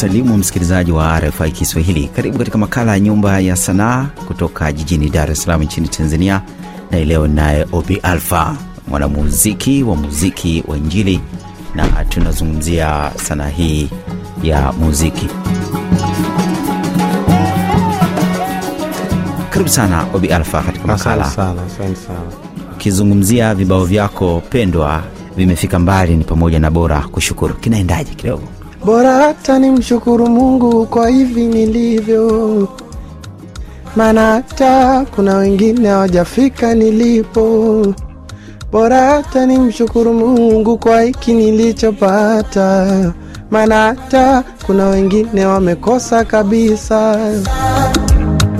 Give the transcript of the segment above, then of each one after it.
kusalimu msikilizaji wa RFI Kiswahili. Karibu katika makala ya Nyumba ya Sanaa kutoka jijini Dar es Salaam nchini Tanzania, na ileo naye Obi Alfa, mwanamuziki wa muziki wa Injili, na tunazungumzia sanaa hii ya muziki. Karibu sana Obi Alfa katika makala. Ukizungumzia vibao vyako pendwa vimefika mbali, ni pamoja na Bora Kushukuru, kinaendaje kidogo? bora hata ni mshukuru Mungu kwa hivi nilivyo, maana hata kuna wengine hawajafika nilipo. Bora hata ni mshukuru Mungu kwa hiki nilichopata, maana hata kuna wengine wamekosa kabisa.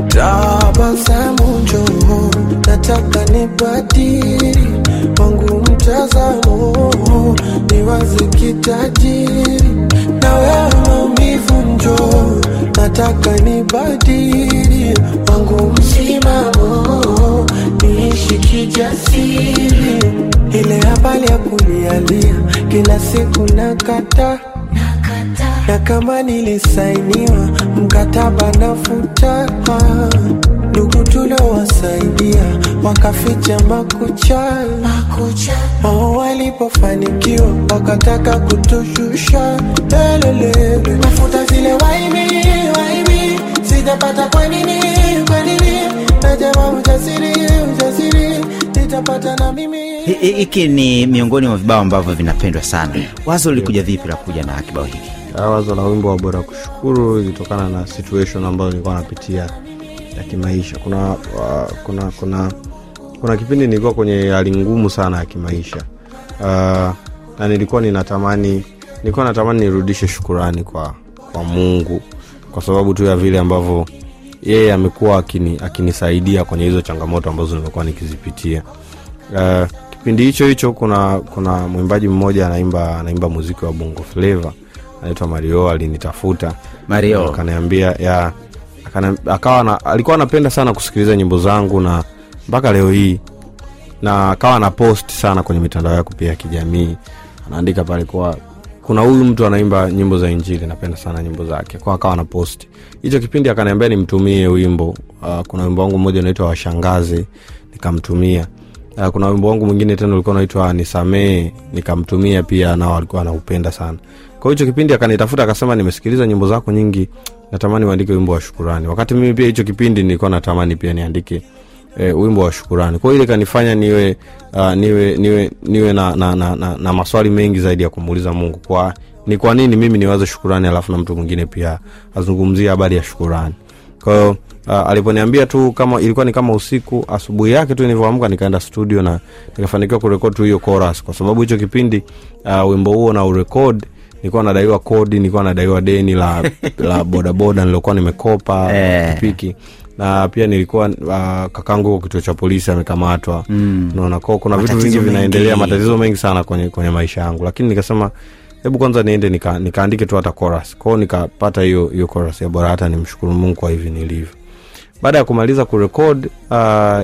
Tabasamu njoo, nataka nibadili wangu mtazamo, niwaze kitajiri na wewe maumivu njoo, nataka nibadili wangu msimamo, oh, niishi kijasiri. Ile habari ya kulialia kila siku nakata na kama nilisainiwa mkataba nafuta ndugu tuliowasaidia wakaficha makucha, makucha, wao walipofanikiwa wakataka kutushusha lelelele, mafuta zile waimi waimi, sitapata kwa nini kwa nini, najama ujasiri ujasiri nitapata na mimi hiki ni miongoni mwa vibao ambavyo vinapendwa sana. Wazo lilikuja vipi la kuja na kibao hiki? Ah, wazo la wimbo wa Bora Kushukuru ilitokana na situation ambayo nilikuwa napitia ya kimaisha kuna, uh, kuna kuna kuna kipindi nilikuwa kwenye hali ngumu sana ya kimaisha uh, na nilikuwa ninatamani nilikuwa natamani nirudishe shukurani kwa kwa mungu kwa sababu tu ya vile ambavyo yeye amekuwa akini, akinisaidia kwenye hizo changamoto ambazo nimekuwa nikizipitia uh, kipindi hicho hicho kuna kuna mwimbaji mmoja anaimba anaimba muziki wa bongo flavo anaitwa mario alinitafuta mario akaniambia ya akana, akawa na, alikuwa anapenda sana kusikiliza nyimbo zangu na mpaka leo hii na akawa na post sana kwenye mitandao yako pia ya kijamii anaandika pale kuwa kuna huyu mtu anaimba nyimbo za injili napenda sana nyimbo zake kwa akawa na post hicho kipindi akaniambia nimtumie wimbo uh, kuna wimbo wangu mmoja unaitwa washangaze nikamtumia uh, kuna wimbo wangu mwingine tena ulikuwa unaitwa nisamee nikamtumia pia nao alikuwa anaupenda sana kwa hicho kipindi akanitafuta akasema, nimesikiliza nyimbo zako nyingi, natamani uandike wimbo wa shukurani. Wakati mimi pia hicho kipindi nilikuwa natamani pia niandike e, wimbo wa shukurani. Kwa hiyo ile kanifanya niwe uh, niwe niwe niwe na na, na, na na maswali mengi zaidi ya kumuuliza Mungu kwa ni kwa nini mimi niwaze shukurani, alafu na mtu mwingine pia azungumzie habari ya shukurani. Kwa hiyo uh, aliponiambia tu kama ilikuwa ni kama usiku, asubuhi yake tu nilivyoamka nikaenda studio na nikafanikiwa kurekodi tu hiyo chorus, kwa sababu hicho kipindi uh, wimbo huo na urekodi nilikuwa nadaiwa kodi, nilikuwa nadaiwa deni la la bodaboda nilokuwa nimekopa eh. pikipiki na pia nilikuwa uh, kakangu kituo cha polisi amekamatwa. Mm. Unaona, kwa kuna vitu vingi vinaendelea, matatizo mengi sana kwenye kwenye maisha yangu, lakini nikasema hebu kwanza niende nika, nikaandike tu hata chorus kwao, nikapata hiyo hiyo chorus ya bora hata nimshukuru Mungu kwa hivi nilivyo baada ya kumaliza kurekod uh,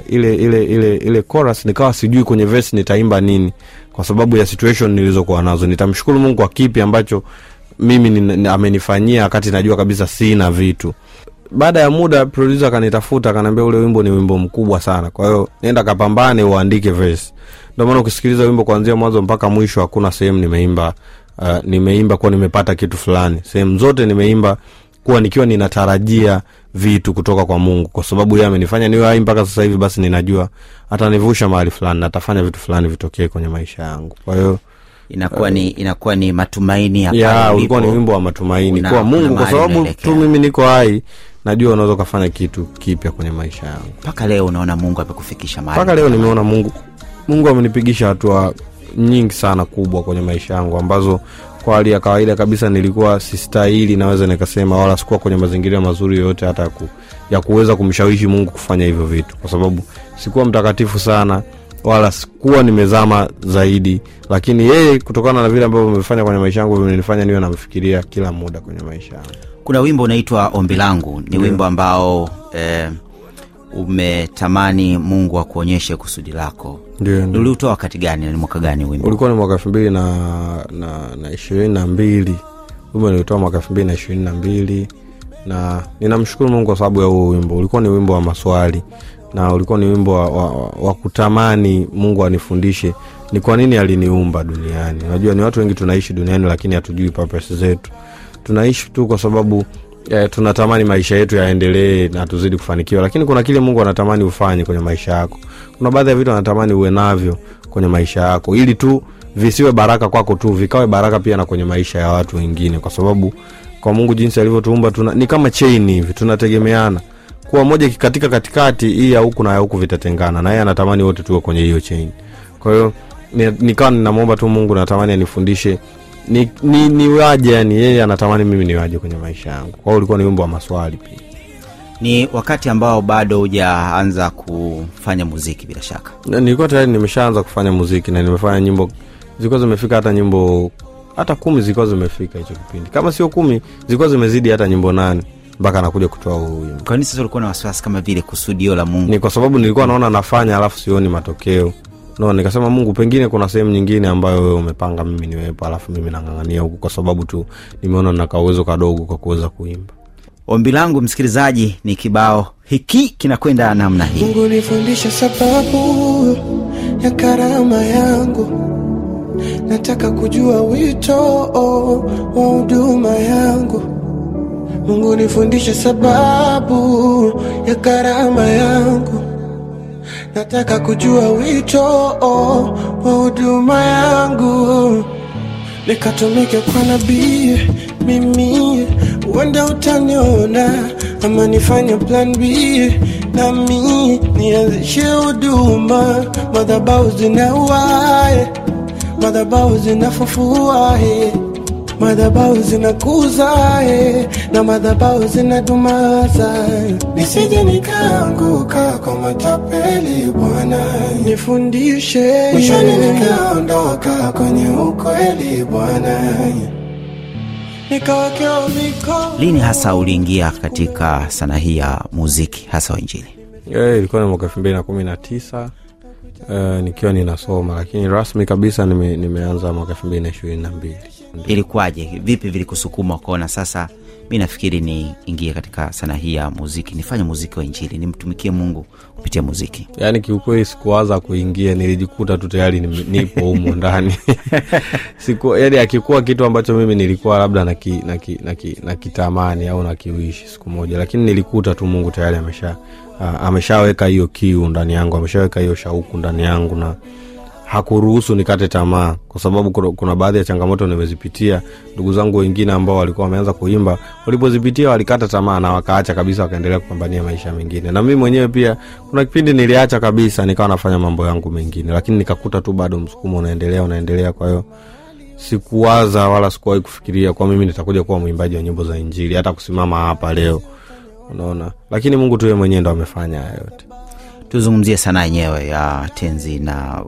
ile ile ile ile chorus nikawa sijui kwenye vesi nitaimba nini kwa sababu ya situation nilizokuwa nazo nitamshukuru mungu kwa kipi ambacho mimi amenifanyia wakati najua kabisa sina vitu baada ya muda producer akanitafuta akanaambia ule wimbo ni wimbo mkubwa sana kwa hiyo nenda kapambane uandike vesi ndio maana ukisikiliza wimbo kuanzia mwanzo mpaka mwisho hakuna sehemu nimeimba uh, nimeimba kuwa nimepata kitu fulani sehemu zote nimeimba kuwa nikiwa ninatarajia vitu kutoka kwa Mungu, kwa sababu yeye amenifanya niwe hai mpaka sasa hivi, basi ninajua atanivusha mahali fulani na atafanya vitu fulani vitokee kwenye maisha yangu. Kwa hiyo inakuwa uh, ni inakuwa ni matumaini ya, ulikuwa ni wimbo wa matumaini una, kwa Mungu, kwa sababu tu mimi niko hai najua unaweza ukafanya kitu kipya kwenye maisha yangu. Mpaka leo unaona Mungu amekufikisha mahali, mpaka leo nimeona Mungu Mungu amenipigisha hatua nyingi sana kubwa kwenye maisha yangu ambazo kwa hali ya kawaida kabisa nilikuwa sistahili, naweza nikasema, wala sikuwa kwenye mazingira mazuri yoyote hata ku, ya kuweza kumshawishi Mungu kufanya hivyo vitu, kwa sababu sikuwa mtakatifu sana wala sikuwa nimezama zaidi, lakini yeye kutokana na vile ambavyo amefanya kwenye maisha yangu vimenifanya niwe namfikiria kila muda kwenye maisha yangu. Kuna wimbo unaitwa Ombi Langu, ni yeah. wimbo ambao eh, umetamani Mungu akuonyeshe kusudi lako, uliutoa wakati gani ni mwaka gani Ulikuwa ni mwaka elfu mbili na, na, na ishirini na mbili. Wimbo niliutoa mwaka elfu mbili na ishirini na mbili na ninamshukuru Mungu kwa sababu ya huo wimbo. Ulikuwa ni wimbo wa maswali na ulikuwa ni wimbo wa, wa, wa, kutamani Mungu anifundishe ni kwa nini aliniumba duniani. Unajua, ni watu wengi tunaishi duniani, lakini hatujui zetu. Tunaishi tu kwa sababu e, tunatamani maisha yetu yaendelee na tuzidi kufanikiwa, lakini kuna kile Mungu anatamani ufanye kwenye maisha yako. Kuna baadhi ya vitu anatamani uwe navyo kwenye maisha yako, ili tu visiwe baraka kwako tu, vikawe baraka pia na kwenye maisha ya watu wengine, kwa sababu kwa Mungu jinsi alivyotuumba tuna, ni kama chain hivi tunategemeana kuwa moja kikatika katikati, hii ya huku na ya huku vitatengana, na yeye anatamani wote tuwe kwenye hiyo chain. Kwa hiyo nikawa ninamwomba tu Mungu, natamani anifundishe ni, ni, ni waje yani yeye anatamani mimi niwaje kwenye maisha yangu kwao ulikuwa ni wimbo wa maswali pia ni wakati ambao bado hujaanza kufanya muziki bila shaka na, nilikuwa tayari nimeshaanza kufanya muziki na nimefanya nyimbo zilikuwa zimefika hata nyimbo hata kumi zilikuwa zimefika hicho kipindi kama sio kumi zilikuwa zimezidi hata nyimbo nane mpaka anakuja kutoa huu wimbo sasa ulikuwa na wasiwasi kama vile kusudio la mungu ni kwa sababu nilikuwa naona nafanya alafu sioni matokeo no, nikasema Mungu, pengine kuna sehemu nyingine ambayo wewe umepanga mimi niwepo, alafu mimi nang'ang'ania huku kwa sababu tu nimeona na kauwezo kadogo kwa kuweza kuimba. Ombi langu msikilizaji ni kibao hiki kinakwenda namna hii: Mungu nifundisha sababu ya karama yangu, nataka kujua wito wa huduma yangu. Mungu nifundisha sababu ya karama yangu nataka kujua wito wa huduma yangu, nikatumike kwa nabii. Mimi wenda utaniona ama nifanye plan B, nami nianzishe huduma, madhabahu zinawai, madhabahu zinafufua madhabahu zinakuza eh, na madhabahu zinatumaza nisije nikaanguka kwa matapeli Bwana, nifundishe mwishoni nikaondoka kwenye ukweli Bwana. Lini hasa uliingia katika sanaa hii ya muziki hasa wa Injili? Eh, ilikuwa yeah, na mwaka elfu mbili na kumi na tisa uh, nikiwa ninasoma, lakini rasmi kabisa nime, nimeanza mwaka elfu mbili na ishirini na mbili. Ilikuwaje? Vipi vilikusukuma ukaona sasa mi nafikiri niingie katika sanaa hii ya muziki, nifanye muziki wa Injili, nimtumikie Mungu kupitia muziki? Yaani kiukweli sikuwaza kuingia, nilijikuta tu tayari nipo humo ndani siku, yani akikuwa kitu ambacho mimi nilikuwa labda nakitamani naki, naki, naki au nakiuishi siku moja, lakini nilikuta tu Mungu tayari amesha uh, ameshaweka hiyo kiu ndani yangu, ameshaweka hiyo shauku ndani yangu na hakuruhusu nikate tamaa, kwa sababu kuna, baadhi ya changamoto nimezipitia. Ndugu zangu wengine ambao walikuwa wameanza kuimba, walipozipitia walikata tamaa na wakaacha kabisa, wakaendelea kupambania maisha mengine. Na mimi mwenyewe pia kuna kipindi niliacha kabisa, nikawa nafanya mambo yangu mengine, lakini nikakuta tu bado msukumo unaendelea unaendelea. Kwa hiyo sikuwaza wala sikuwahi kufikiria kwa mimi nitakuja kuwa mwimbaji wa nyimbo za Injili, hata kusimama hapa leo unaona, lakini Mungu tuye mwenyewe ndo amefanya haya yote. Tuzungumzie sana yenyewe ya tenzi na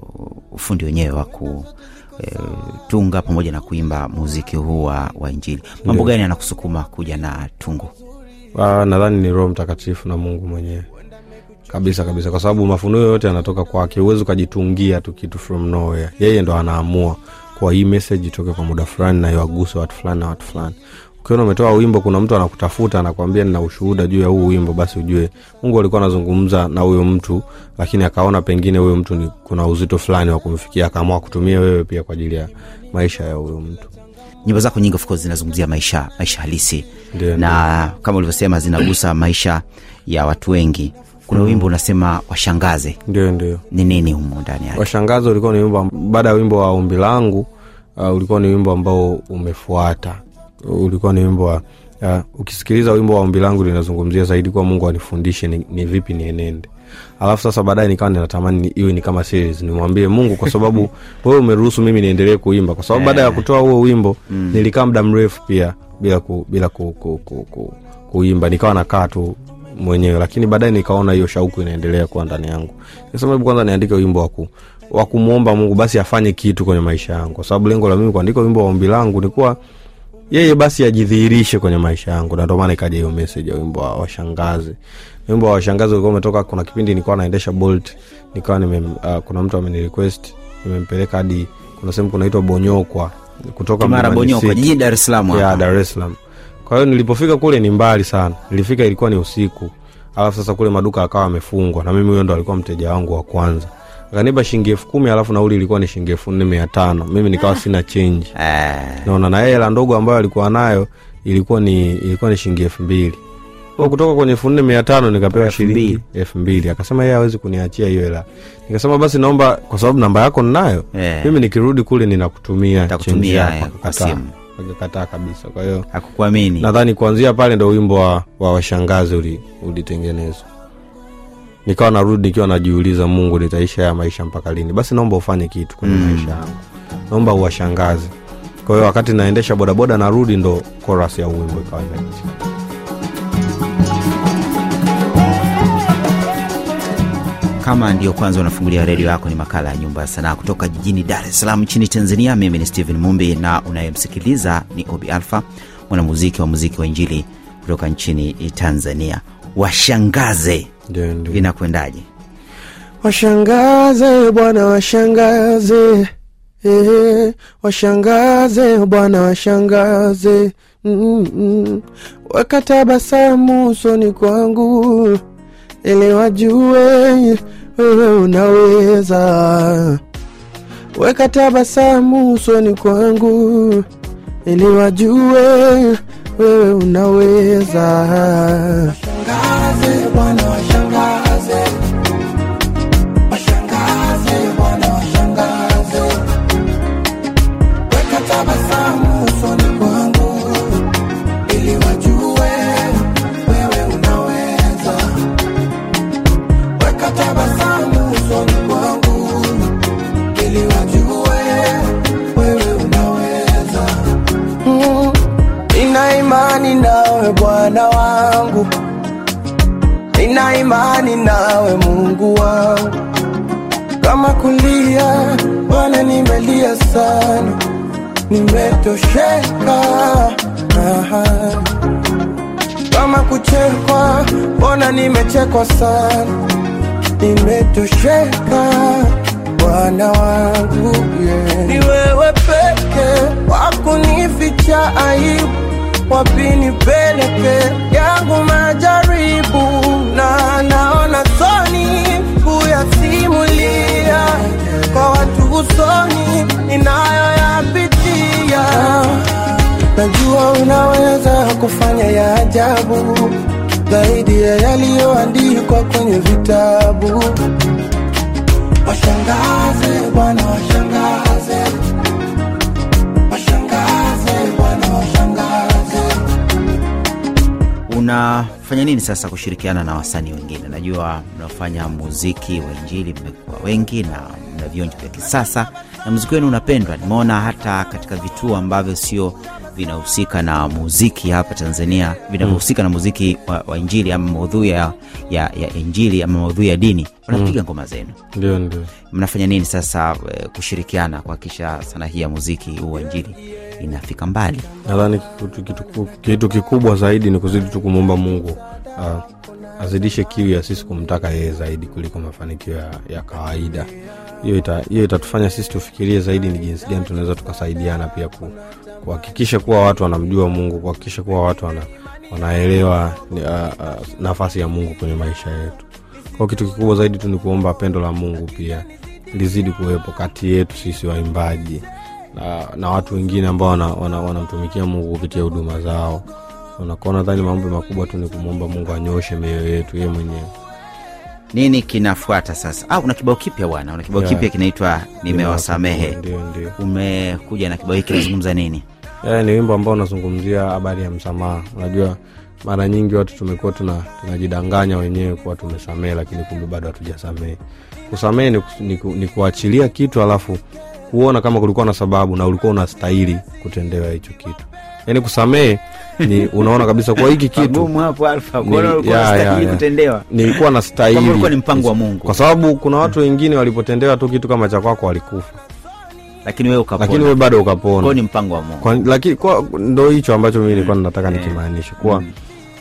ufundi wenyewe wa kutunga eh, e, pamoja na kuimba muziki huu wa Injili. Mambo gani anakusukuma kuja na tungu ah, Nadhani ni Roho Mtakatifu na Mungu mwenyewe kabisa kabisa, kwa sababu mafunuo yote yanatoka kwake. Huwezi ukajitungia tu kitu from nowhere, yeye ndo anaamua kwa hii meseji itoke kwa muda fulani na iwaguse watu fulani na watu fulani ukiona umetoa wimbo, kuna mtu anakutafuta anakwambia nina ushuhuda juu ya huu wimbo, basi ujue Mungu alikuwa anazungumza na huyo mtu, lakini akaona pengine huyo mtu ni kuna uzito fulani wa kumfikia, akaamua kutumia wewe pia kwa ajili ya maisha ya huyo mtu. Nyimbo zako nyingi of course zinazungumzia maisha, maisha halisi Deo, na ndiyo. kama ulivyosema zinagusa maisha ya watu wengi kuna mm. wimbo unasema washangaze, ndio ndio, ni nini humo ndani yake? Washangaze ulikuwa ni wimbo baada ya wimbo wa umbi langu. Uh, ulikuwa ni wimbo ambao umefuata ulikuwa ni wimbo wa uh, ukisikiliza wimbo wa ombi langu linazungumzia zaidi kuwa mungu anifundishe ni, ni vipi nienende alafu sasa baadaye nikawa ninatamani iwe ni kama series nimwambie mungu kwa sababu wewe umeruhusu mimi niendelee kuimba kwa sababu baada ya eh. kutoa huo wimbo mm. nilikaa muda mrefu pia bila ku, bila ku, ku, ku, ku, kuimba nikawa nakaa tu mwenyewe lakini baadaye nikaona hiyo shauku inaendelea kuwa ndani yangu nikasema hebu kwanza niandike wimbo waku wakumwomba mungu basi afanye kitu kwenye maisha yangu kwa sababu lengo la mimi kuandika wimbo wa ombi langu nikuwa yeye basi ajidhihirishe kwenye maisha yangu, na ndomaana ikaja hiyo message ya wimbo wa washangazi. Wimbo wa washangazi ulikuwa umetoka, kuna kipindi nikawa naendesha Bolt, nikawa nime uh, kuna mtu amenirequest, nimempeleka hadi kuna sehemu kunaitwa Bonyokwa, kutoka Mara Bonyokwa jijini Dar es Salaam, ya Dar es Salaam. Kwa hiyo nilipofika kule ni mbali sana, nilifika ilikuwa ni usiku, alafu sasa kule maduka akawa amefungwa, na mimi huyo ndo alikuwa mteja wangu wa kwanza akanipa shilingi elfu kumi alafu nauli ilikuwa ni shilingi elfu nne mia tano mimi nikawa ah. sina chenji eh. naona na hela ndogo ambayo alikuwa nayo ilikuwa ni ilikuwa ni shilingi elfu mbili kwa kutoka kwenye elfu nne mia tano nikapewa shilingi elfu mbili akasema yeye hawezi kuniachia hiyo hela nikasema basi naomba kwa sababu namba yako ninayo yeah. mimi nikirudi kule ninakutumia chenji yako akakataa kabisa kwa hiyo hakukuamini nadhani kuanzia pale ndo wimbo wa, wa washangazi ulitengenezwa uli nikawa narudi nikiwa najiuliza mungu nitaisha ya maisha mpaka lini basi naomba ufanye kitu kwenye mm. maisha yangu naomba uwashangazi kwa hiyo wakati naendesha bodaboda narudi ndo koras ya uwimbo ikawa imeisha kama ndio kwanza unafungulia redio yako, ni makala ya Nyumba ya Sanaa kutoka jijini Dar es Salaam nchini Tanzania. Mimi ni Stephen Mumbi na unayemsikiliza ni Obi Alfa, mwanamuziki wa muziki wa Injili kutoka nchini Tanzania. Washangaze inakwendaje? Washangaze Bwana, washangaze eh, washangaze Bwana, washangaze mm -mm. Wakatabasamu usoni kwangu ili wajue wewe unaweza. Wakatabasamu usoni kwangu ili wajue wewe unaweza. Washangaze Bwana, washangaze. kutosheka kama kuchekwa, mbona nimechekwa sana, nimetosheka Bwana wangu yeah. Ni wewe peke wakunificha aibu, wapinipeleke yangu majaribu, na naona soni kuyasimulia kwa watu usoni ninayoyapita moja, najua unaweza kufanya ya ajabu zaidi ya yaliyoandikwa kwenye vitabu. Washangaze washangaze, washangaze Bwana, washangaze. Unafanya nini sasa kushirikiana na wasanii wengine? Najua mnafanya muziki wa Injili, mmekuwa wengi na mna vionjo vya kisasa na muziki wenu unapendwa. Nimeona hata katika vituo ambavyo sio vinahusika na muziki hapa Tanzania, vinavyohusika mm. na muziki wa, wa Injili ama maudhui ya, ya, ya Injili ama maudhui ya dini wanapiga ngoma mm. zenu. Ndio, ndio. Mnafanya nini sasa eh, kushirikiana kuhakikisha sana hii ya muziki huu wa Injili inafika mbali? Nadhani kitu, kitu, kitu kikubwa zaidi ni kuzidi tu kumwomba Mungu uh, azidishe kiu ya sisi kumtaka yeye zaidi kuliko mafanikio ya, ya kawaida. Hiyo ita, itatufanya sisi tufikirie zaidi ni jinsi gani tunaweza tukasaidiana pia kuhakikisha kuwa watu wanamjua Mungu, kuhakikisha kuwa watu wana, wanaelewa uh, uh, nafasi ya Mungu kwenye maisha yetu. Kwa kitu kikubwa zaidi tu ni kuomba pendo la Mungu pia lizidi kuwepo kati yetu sisi waimbaji na, na watu wengine ambao wanamtumikia wana, wana Mungu kupitia huduma zao unakuwa nadhani maombi makubwa tu ni kumwomba Mungu anyoshe mioyo yetu ye mwenyewe. Nini kinafuata sasa? Ah, una kibao kipya bwana, una kibao yeah, kipya kinaitwa Nimewasamehe. Umekuja na kibao hiki nazungumza nini? Yeah, ni wimbo ambao unazungumzia habari ya msamaha. Unajua mara nyingi watu tumekuwa tuna, tunajidanganya wenyewe kuwa tumesamehe, lakini kumbe bado hatujasamehe. Kusamehe ni, ni, ni kuachilia kitu alafu kuona kama kulikuwa na sababu na ulikuwa unastahili kutendewa hicho kitu yani kusamehe ni unaona kabisa kwa hiki kitu hapo alfa kutendewa nilikuwa nastahili ilikuwa mpango wa Mungu kwa sababu kuna watu wengine walipotendewa tu kitu kama cha kwako walikufa lakini wewe ukapona lakini wewe bado ukapona kwa ni mpango wa Mungu kwa, lakini kwa ndo hicho ambacho mimi nilikuwa nataka eh. nikimaanishe nikimaanisha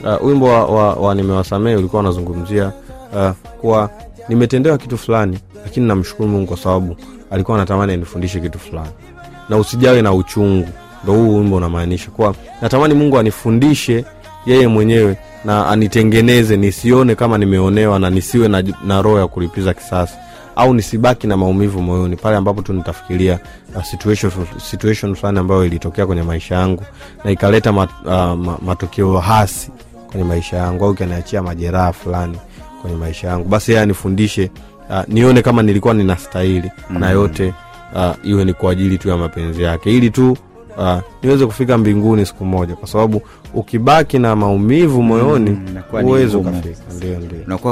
kwa mm. uh, wimbo wa, wa, wa nimewasamehe ulikuwa unazungumzia uh, kwa nimetendewa kitu fulani lakini namshukuru Mungu kwa sababu alikuwa anatamani anifundishe kitu fulani na usijawe na uchungu ndo huu wimbo unamaanisha kwa natamani mungu anifundishe yeye mwenyewe na anitengeneze nisione kama nimeonewa na nisiwe na, na roho ya kulipiza kisasi au nisibaki na maumivu moyoni pale ambapo tu nitafikiria uh, situation, situation fulani ambayo ilitokea kwenye maisha yangu na ikaleta mat, uh, matokeo hasi kwenye maisha yangu au ikaniachia majeraha fulani kwenye maisha yangu basi yeye anifundishe uh, nione kama nilikuwa ninastahili mm-hmm. na mm. yote uh, iwe ni kwa ajili tu ya mapenzi yake ili tu uh, niweze kufika mbinguni siku moja, kwa sababu ukibaki na maumivu mm, moyoni huwezi mm, ukafika. Ndio,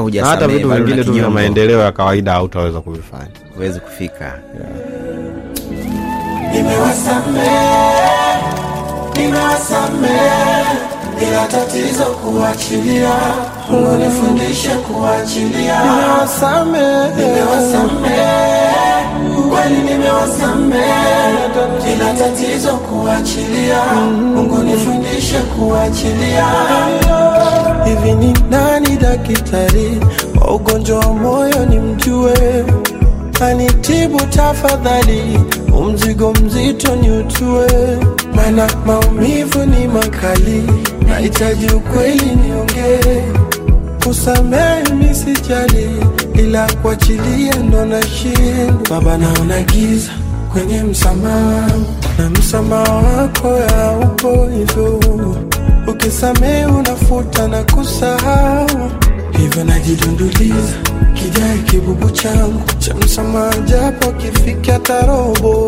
ndio, hata vitu vingine tu vya maendeleo ya kawaida autaweza kuvifanya, huwezi kufika yeah. Nimewasamehe, nimewasamehe, ila tatizo kuachilia. Mungu nifundishe kuachilia. Nimewasamehe, nimewasamehe kweli nimewasamehe kila tatizo, kuachilia. Mungu nifundishe kuachilia. Hivi ni nani dakitari wa ugonjwa wa moyo? Ni mjue anitibu tafadhali, umzigo mzito ni utue, mana maumivu ni makali, nahitaji ukweli niongee kusamehe misijali ila kuachilia ndo nashindwa. Baba, naona giza kwenye msamaha na msamaha wako ya upo hivyo, ukisamehe unafuta na kusahau, hivyo najidunduliza kijai kibubu changu cha msamaha, japo kifika tarobo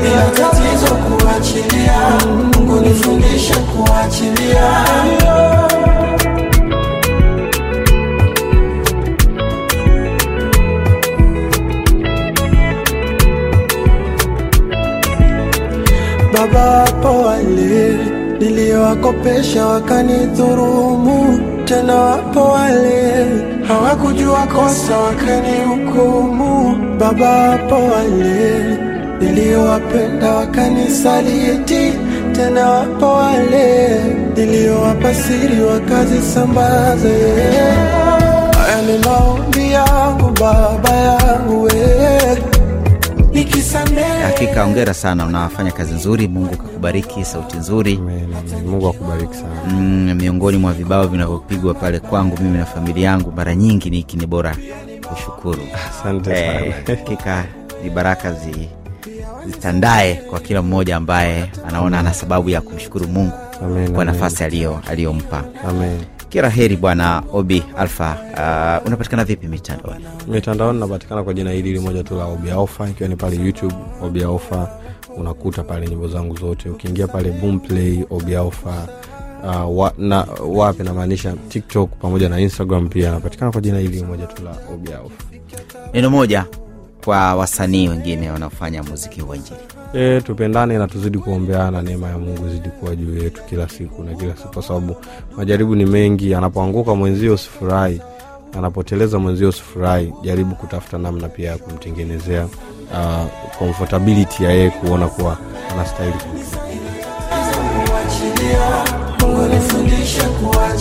Bila tatizo kuachilia, Mungu nifundishe kuachilia Baba, hapo wale niliowakopesha wakanidhurumu, tena wapo wale hawakujua kosa wakanihukumu. Baba, hapo wale niliowapenda wakanisaliti, tena wapo wale niliowapa siri wakazisambaze. Haya ni maombi yangu Baba yangu wewe Hakika ongera sana, unafanya kazi nzuri. Mungu kakubariki, sauti nzuri. Mungu akubariki sana. Mm, miongoni mwa vibao vinavyopigwa pale kwangu mimi na familia yangu mara nyingi ni hiki, ni bora kushukuru. Asante eh, sana. Hakika ni baraka zi zitandae kwa kila mmoja ambaye anaona ana sababu ya kumshukuru Mungu amen, kwa nafasi aliyompa. Kila heri Bwana Obi Alfa. Uh, unapatikana vipi mitandaoni? Mitandaoni napatikana kwa jina hili moja tu la Obi Alfa, ikiwa ni pale YouTube Obi Alfa, unakuta pale nyimbo zangu zote. Ukiingia pale Boomplay Obi Alfa Uh, wa, na wapi namaanisha TikTok pamoja na Instagram pia anapatikana kwa jina hili moja tu la Obi Alfa. Neno moja kwa wasanii wengine wanaofanya muziki wa Injili? E, tupendane na tuzidi kuombeana, neema ya Mungu izidi kuwa juu yetu kila siku na kila siku, kwa sababu majaribu ni mengi. Anapoanguka mwenzio usifurahi, anapoteleza mwenzio usifurahi. Jaribu kutafuta namna pia ya kumtengenezea uh, ya yeye kuona kuwa anastahili. kuwa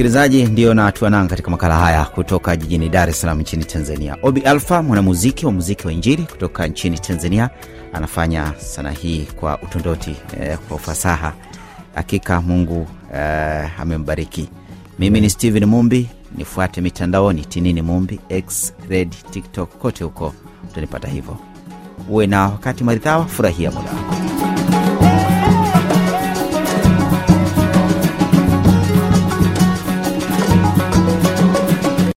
Msikilizaji, ndiyo na nanga katika makala haya kutoka jijini Dar es Salaam nchini Tanzania. Obi Alfa, mwanamuziki wa muziki wa injiri kutoka nchini Tanzania, anafanya sana hii kwa utondoti eh, kwa ufasaha. Hakika Mungu eh, amembariki. Mimi ni Steven Mumbi, nifuate mitandaoni Tinini Mumbi, X, Red, TikTok, kote huko utanipata hivyo. Uwe na wakati maridhawa, furahia muda wako.